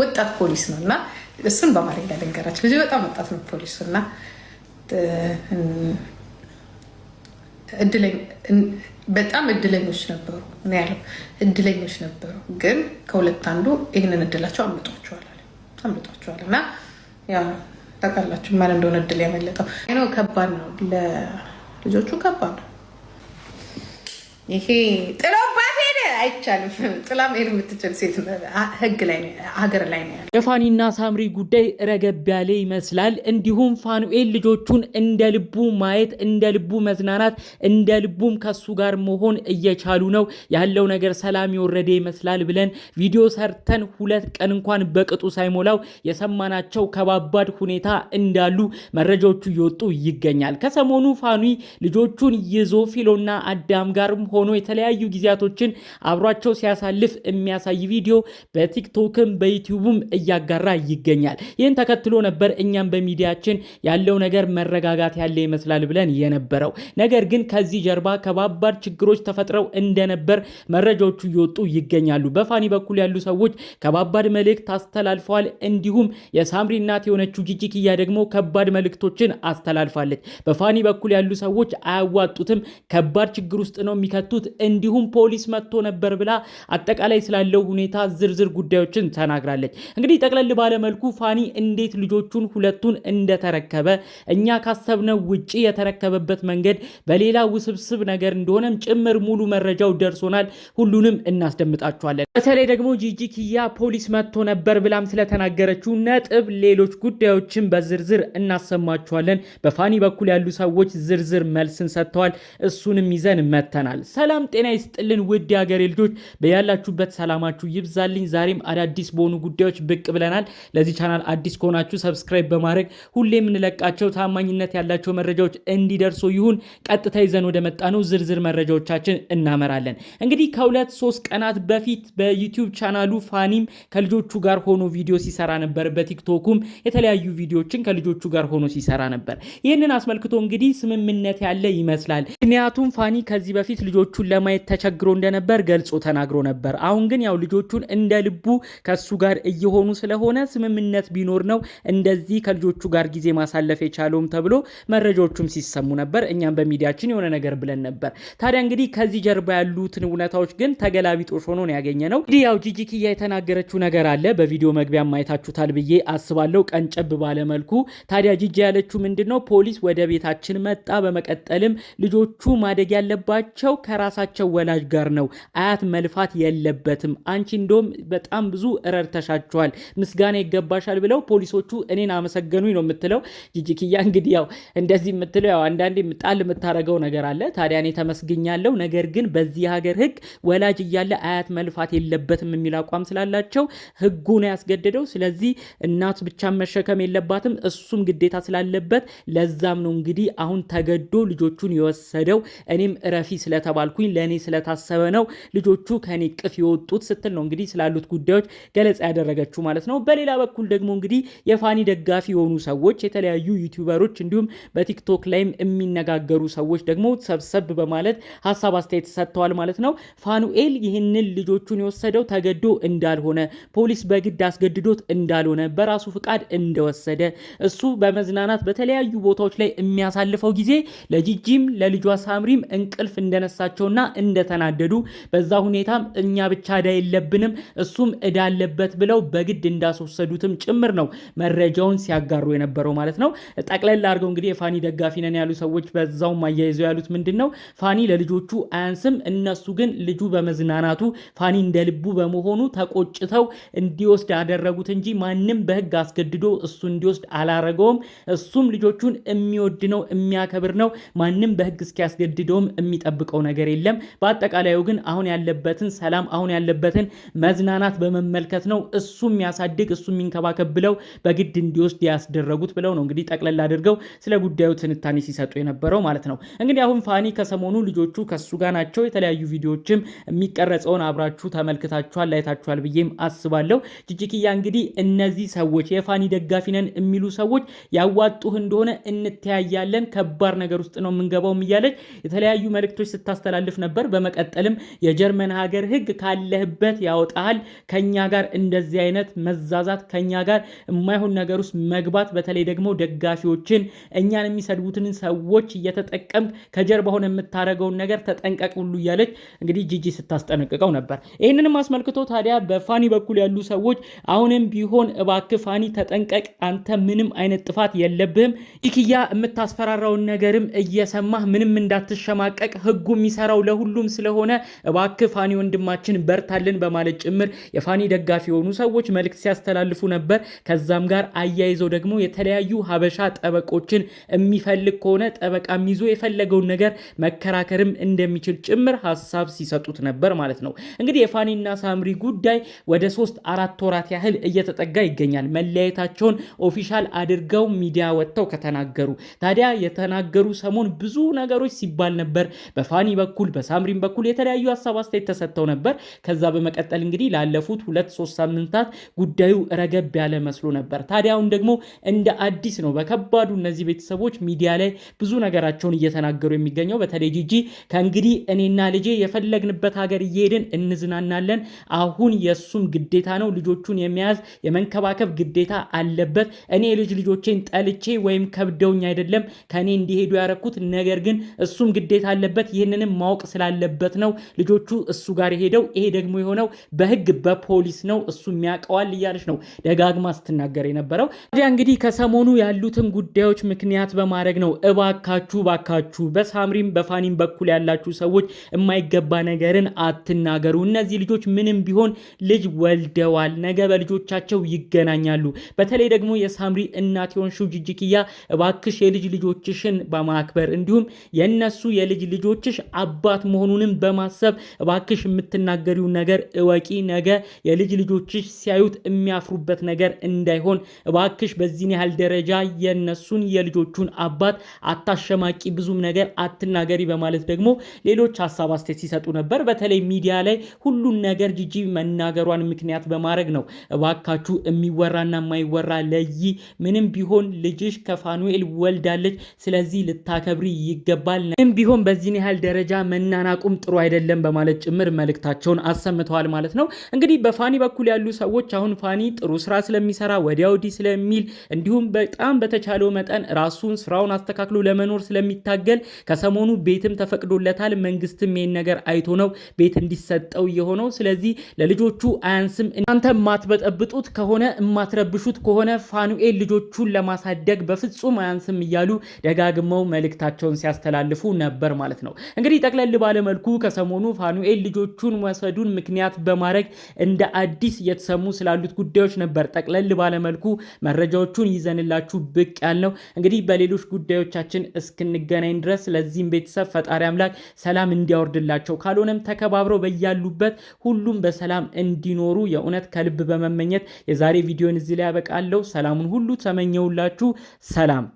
ወጣት ፖሊስ ነው እና እሱን በአማርኛ ልንገራቸው። ልጅ በጣም ወጣት ነው ፖሊሱ እና በጣም እድለኞች ነበሩ ያለው እድለኞች ነበሩ፣ ግን ከሁለት አንዱ ይህንን እድላቸው አምልጧቸዋል አምልጧቸዋል እና ታውቃላችሁ ማን እንደሆነ እድል ያመለጠው ነው። ከባድ ነው፣ ለልጆቹ ከባድ ነው ይሄ ጥለው አይቻልም። ጥላ መሄድ የምትችል ሴት ህግ ላይ ሀገር ላይ ነው የፋኒና ሳምሪ ጉዳይ ረገብ ያለ ይመስላል። እንዲሁም ፋኑኤል ልጆቹን እንደ ልቡ ማየት፣ እንደ ልቡ መዝናናት፣ እንደ ልቡም ከሱ ጋር መሆን እየቻሉ ነው ያለው ነገር ሰላም የወረደ ይመስላል ብለን ቪዲዮ ሰርተን ሁለት ቀን እንኳን በቅጡ ሳይሞላው የሰማናቸው ከባባድ ሁኔታ እንዳሉ መረጃዎቹ እየወጡ ይገኛል። ከሰሞኑ ፋኑ ልጆቹን ይዞ ፊሎና አዳም ጋርም ሆኖ የተለያዩ ጊዜያቶችን አብሯቸው ሲያሳልፍ የሚያሳይ ቪዲዮ በቲክቶክም በዩቲዩብም እያጋራ ይገኛል። ይህን ተከትሎ ነበር እኛም በሚዲያችን ያለው ነገር መረጋጋት ያለ ይመስላል ብለን የነበረው። ነገር ግን ከዚህ ጀርባ ከባባድ ችግሮች ተፈጥረው እንደነበር መረጃዎቹ እየወጡ ይገኛሉ። በፋኒ በኩል ያሉ ሰዎች ከባባድ መልእክት አስተላልፈዋል። እንዲሁም የሳምሪ እናት የሆነችው ጂጂክያ ደግሞ ከባድ መልእክቶችን አስተላልፋለች። በፋኒ በኩል ያሉ ሰዎች አያዋጡትም፣ ከባድ ችግር ውስጥ ነው የሚከቱት። እንዲሁም ፖሊስ መጥቶ ነበር ነበር ብላ አጠቃላይ ስላለው ሁኔታ ዝርዝር ጉዳዮችን ተናግራለች። እንግዲህ ጠቅለል ባለመልኩ ፋኒ እንዴት ልጆቹን ሁለቱን እንደተረከበ እኛ ካሰብነው ውጪ የተረከበበት መንገድ በሌላ ውስብስብ ነገር እንደሆነም ጭምር ሙሉ መረጃው ደርሶናል። ሁሉንም እናስደምጣችኋለን። በተለይ ደግሞ ጂጂ ኪያ ፖሊስ መጥቶ ነበር ብላም ስለተናገረችው ነጥብ ሌሎች ጉዳዮችን በዝርዝር እናሰማችኋለን። በፋኒ በኩል ያሉ ሰዎች ዝርዝር መልስን ሰጥተዋል። እሱንም ይዘን መተናል። ሰላም ጤና ይስጥልን ውድ የሀገሬ ልጆች በያላችሁበት ሰላማችሁ ይብዛልኝ። ዛሬም አዳዲስ በሆኑ ጉዳዮች ብቅ ብለናል። ለዚህ ቻናል አዲስ ከሆናችሁ ሰብስክራይብ በማድረግ ሁሌ የምንለቃቸው ታማኝነት ያላቸው መረጃዎች እንዲደርሱ ይሁን። ቀጥታ ይዘን ወደ መጣ ነው ዝርዝር መረጃዎቻችን እናመራለን። እንግዲህ ከሁለት ሶስት ቀናት በፊት በዩቲዩብ ቻናሉ ፋኒም ከልጆቹ ጋር ሆኖ ቪዲዮ ሲሰራ ነበር። በቲክቶኩም የተለያዩ ቪዲዮዎችን ከልጆቹ ጋር ሆኖ ሲሰራ ነበር። ይህንን አስመልክቶ እንግዲህ ስምምነት ያለ ይመስላል። ምክንያቱም ፋኒ ከዚህ በፊት ልጆቹን ለማየት ተቸግሮ እንደነበር ገልጾ ተናግሮ ነበር። አሁን ግን ያው ልጆቹን እንደ ልቡ ከሱ ጋር እየሆኑ ስለሆነ ስምምነት ቢኖር ነው እንደዚህ ከልጆቹ ጋር ጊዜ ማሳለፍ የቻለውም ተብሎ መረጃዎቹም ሲሰሙ ነበር። እኛም በሚዲያችን የሆነ ነገር ብለን ነበር። ታዲያ እንግዲህ ከዚህ ጀርባ ያሉትን እውነታዎች ግን ተገላቢጦሽ ሆኖ ነው ያገኘ ነው። እንግዲህ ያው ጂጂ ኪያ የተናገረችው ነገር አለ በቪዲዮ መግቢያ ማየታችሁታል ብዬ አስባለሁ፣ ቀንጨብ ባለመልኩ። ታዲያ ጂጂ ያለችው ምንድን ነው? ፖሊስ ወደ ቤታችን መጣ፣ በመቀጠልም ልጆች ልጆቹ ማደግ ያለባቸው ከራሳቸው ወላጅ ጋር ነው። አያት መልፋት የለበትም። አንቺ እንደውም በጣም ብዙ እረር ተሻችኋል፣ ምስጋና ይገባሻል ብለው ፖሊሶቹ እኔን አመሰገኑኝ ነው የምትለው ጂጂኪያ። እንግዲህ ያው እንደዚህ የምትለው ያው አንዳንዴ ጣል የምታደርገው ነገር አለ። ታዲያ እኔ ተመስግኛለሁ። ነገር ግን በዚህ ሀገር ህግ ወላጅ እያለ አያት መልፋት የለበትም የሚል አቋም ስላላቸው ህጉ ነው ያስገደደው። ስለዚህ እናት ብቻ መሸከም የለባትም እሱም ግዴታ ስላለበት ለዛም ነው እንግዲህ አሁን ተገዶ ልጆቹን ይወሰድ የወሰደው እኔም እረፊ ስለተባልኩኝ ለእኔ ስለታሰበ ነው ልጆቹ ከኔ ቅፍ የወጡት ስትል ነው እንግዲህ ስላሉት ጉዳዮች ገለጻ ያደረገችው ማለት ነው። በሌላ በኩል ደግሞ እንግዲህ የፋኒ ደጋፊ የሆኑ ሰዎች የተለያዩ ዩቲዩበሮች እንዲሁም በቲክቶክ ላይም የሚነጋገሩ ሰዎች ደግሞ ሰብሰብ በማለት ሀሳብ አስተያየት ሰጥተዋል ማለት ነው። ፋኑኤል ይህንን ልጆቹን የወሰደው ተገዶ እንዳልሆነ ፖሊስ በግድ አስገድዶት እንዳልሆነ በራሱ ፍቃድ እንደወሰደ እሱ በመዝናናት በተለያዩ ቦታዎች ላይ የሚያሳልፈው ጊዜ ለጂጂም ለልጇ ልጇ ሳምሪም እንቅልፍ እንደነሳቸውና እንደተናደዱ በዛ ሁኔታም እኛ ብቻ እዳ የለብንም እሱም እዳ አለበት ብለው በግድ እንዳስወሰዱትም ጭምር ነው መረጃውን ሲያጋሩ የነበረው ማለት ነው። ጠቅለል አድርገው እንግዲህ የፋኒ ደጋፊ ነን ያሉ ሰዎች በዛውም አያይዘው ያሉት ምንድን ነው ፋኒ ለልጆቹ አያንስም፣ እነሱ ግን ልጁ በመዝናናቱ ፋኒ እንደ ልቡ በመሆኑ ተቆጭተው እንዲወስድ አደረጉት እንጂ ማንም በህግ አስገድዶ እሱ እንዲወስድ አላረገውም። እሱም ልጆቹን የሚወድ ነው የሚያከብር ነው ማንም በህግ እስኪ እስኪያስገድደውም የሚጠብቀው ነገር የለም። በአጠቃላዩ ግን አሁን ያለበትን ሰላም፣ አሁን ያለበትን መዝናናት በመመልከት ነው እሱ የሚያሳድግ እሱ የሚንከባከብ ብለው በግድ እንዲወስድ ያስደረጉት ብለው ነው እንግዲህ ጠቅለል አድርገው ስለ ጉዳዩ ትንታኔ ሲሰጡ የነበረው ማለት ነው። እንግዲህ አሁን ፋኒ ከሰሞኑ ልጆቹ ከሱ ጋር ናቸው። የተለያዩ ቪዲዮዎችም የሚቀረጸውን አብራችሁ ተመልክታችኋል፣ ላይታችኋል ብዬም አስባለሁ። ጂጂኪያ እንግዲህ እነዚህ ሰዎች የፋኒ ደጋፊ ነን የሚሉ ሰዎች ያዋጡህ እንደሆነ እንተያያለን፣ ከባድ ነገር ውስጥ ነው የምንገባውም እያለች እያለች የተለያዩ መልእክቶች ስታስተላልፍ ነበር። በመቀጠልም የጀርመን ሀገር ህግ ካለህበት ያወጣሃል፣ ከኛ ጋር እንደዚህ አይነት መዛዛት፣ ከኛ ጋር የማይሆን ነገር ውስጥ መግባት፣ በተለይ ደግሞ ደጋፊዎችን፣ እኛን የሚሰድቡትን ሰዎች እየተጠቀምክ ከጀርባ ሆነ የምታደርገውን ነገር ተጠንቀቅ ሁሉ እያለች እንግዲህ ጂጂ ስታስጠነቅቀው ነበር። ይህንንም አስመልክቶ ታዲያ በፋኒ በኩል ያሉ ሰዎች አሁንም ቢሆን እባክህ ፋኒ ተጠንቀቅ፣ አንተ ምንም አይነት ጥፋት የለብህም፣ ኢኪያ የምታስፈራራውን ነገርም እየሰማህ ምንም እንዳትሸማቀቅ ህጉ የሚሰራው ለሁሉም ስለሆነ እባክ ፋኒ ወንድማችን በርታልን በማለት ጭምር የፋኒ ደጋፊ የሆኑ ሰዎች መልእክት ሲያስተላልፉ ነበር። ከዛም ጋር አያይዘው ደግሞ የተለያዩ ሀበሻ ጠበቆችን የሚፈልግ ከሆነ ጠበቃም ይዞ የፈለገውን ነገር መከራከርም እንደሚችል ጭምር ሀሳብ ሲሰጡት ነበር ማለት ነው። እንግዲህ የፋኒና ሳምሪ ጉዳይ ወደ ሶስት አራት ወራት ያህል እየተጠጋ ይገኛል። መለያየታቸውን ኦፊሻል አድርገው ሚዲያ ወጥተው ከተናገሩ ታዲያ የተናገሩ ሰሞን ብዙ ነገሮች ሰዎች ሲባል ነበር። በፋኒ በኩል በሳምሪን በኩል የተለያዩ ሀሳብ አስተያየት ተሰጥተው ነበር። ከዛ በመቀጠል እንግዲህ ላለፉት ሁለት ሶስት ሳምንታት ጉዳዩ ረገብ ያለ መስሎ ነበር። ታዲያ አሁን ደግሞ እንደ አዲስ ነው በከባዱ እነዚህ ቤተሰቦች ሚዲያ ላይ ብዙ ነገራቸውን እየተናገሩ የሚገኘው በተለይ ጂጂ ከእንግዲህ እኔና ልጄ የፈለግንበት ሀገር እየሄድን እንዝናናለን። አሁን የእሱም ግዴታ ነው ልጆቹን የመያዝ የመንከባከብ ግዴታ አለበት። እኔ የልጅ ልጆቼን ጠልቼ ወይም ከብደውኝ አይደለም ከእኔ እንዲሄዱ ያረኩት ነገር ግን እሱም ግዴታ አለበት። ይህንንም ማወቅ ስላለበት ነው ልጆቹ እሱ ጋር ሄደው። ይሄ ደግሞ የሆነው በህግ በፖሊስ ነው፣ እሱ የሚያውቀዋል እያለች ነው ደጋግማ ስትናገር የነበረው። ታዲያ እንግዲህ ከሰሞኑ ያሉትን ጉዳዮች ምክንያት በማድረግ ነው እባካችሁ ባካችሁ፣ በሳምሪም በፋኒም በኩል ያላችሁ ሰዎች የማይገባ ነገርን አትናገሩ። እነዚህ ልጆች ምንም ቢሆን ልጅ ወልደዋል፣ ነገ በልጆቻቸው ይገናኛሉ። በተለይ ደግሞ የሳምሪ እናት የሆንሽው እባክሽ የልጅ ልጆችሽን በማክበር እንዲሁም የነሱ የልጅ ልጆችሽ አባት መሆኑንም በማሰብ እባክሽ የምትናገሪው ነገር እወቂ። ነገ የልጅ ልጆችሽ ሲያዩት የሚያፍሩበት ነገር እንዳይሆን እባክሽ በዚህን ያህል ደረጃ የነሱን የልጆቹን አባት አታሸማቂ፣ ብዙም ነገር አትናገሪ በማለት ደግሞ ሌሎች ሀሳብ አስተያየት ሲሰጡ ነበር። በተለይ ሚዲያ ላይ ሁሉን ነገር ጂጂ መናገሯን ምክንያት በማድረግ ነው። እባካችሁ የሚወራና የማይወራ ለይ። ምንም ቢሆን ልጅሽ ከፋኑኤል ወልዳለች፣ ስለዚህ ልታከብሪ ይገባል አካል ግን ቢሆን በዚህን ያህል ደረጃ መናናቁም ጥሩ አይደለም በማለት ጭምር መልእክታቸውን አሰምተዋል ማለት ነው። እንግዲህ በፋኒ በኩል ያሉ ሰዎች አሁን ፋኒ ጥሩ ስራ ስለሚሰራ ወዲያው ዲ ስለሚል እንዲሁም በጣም በተቻለው መጠን ራሱን ስራውን አስተካክሎ ለመኖር ስለሚታገል ከሰሞኑ ቤትም ተፈቅዶለታል። መንግስትም ይህን ነገር አይቶ ነው ቤት እንዲሰጠው የሆነው። ስለዚህ ለልጆቹ አያንስም። እናንተ የማትበጠብጡት ከሆነ የማትረብሹት ከሆነ ፋኑኤል ልጆቹን ለማሳደግ በፍጹም አያንስም እያሉ ደጋግመው መልእክታቸውን ሲያስተላል ሲያስተላልፉ ነበር ማለት ነው። እንግዲህ ጠቅለል ባለመልኩ ከሰሞኑ ፋኑኤል ልጆቹን መውሰዱን ምክንያት በማድረግ እንደ አዲስ እየተሰሙ ስላሉት ጉዳዮች ነበር ጠቅለል ባለመልኩ መረጃዎቹን ይዘንላችሁ ብቅ ያልነው። እንግዲህ በሌሎች ጉዳዮቻችን እስክንገናኝ ድረስ ለዚህም ቤተሰብ ፈጣሪ አምላክ ሰላም እንዲያወርድላቸው ካልሆነም ተከባብረው በያሉበት ሁሉም በሰላም እንዲኖሩ የእውነት ከልብ በመመኘት የዛሬ ቪዲዮን እዚህ ላይ ያበቃለሁ። ሰላሙን ሁሉ ተመኘውላችሁ። ሰላም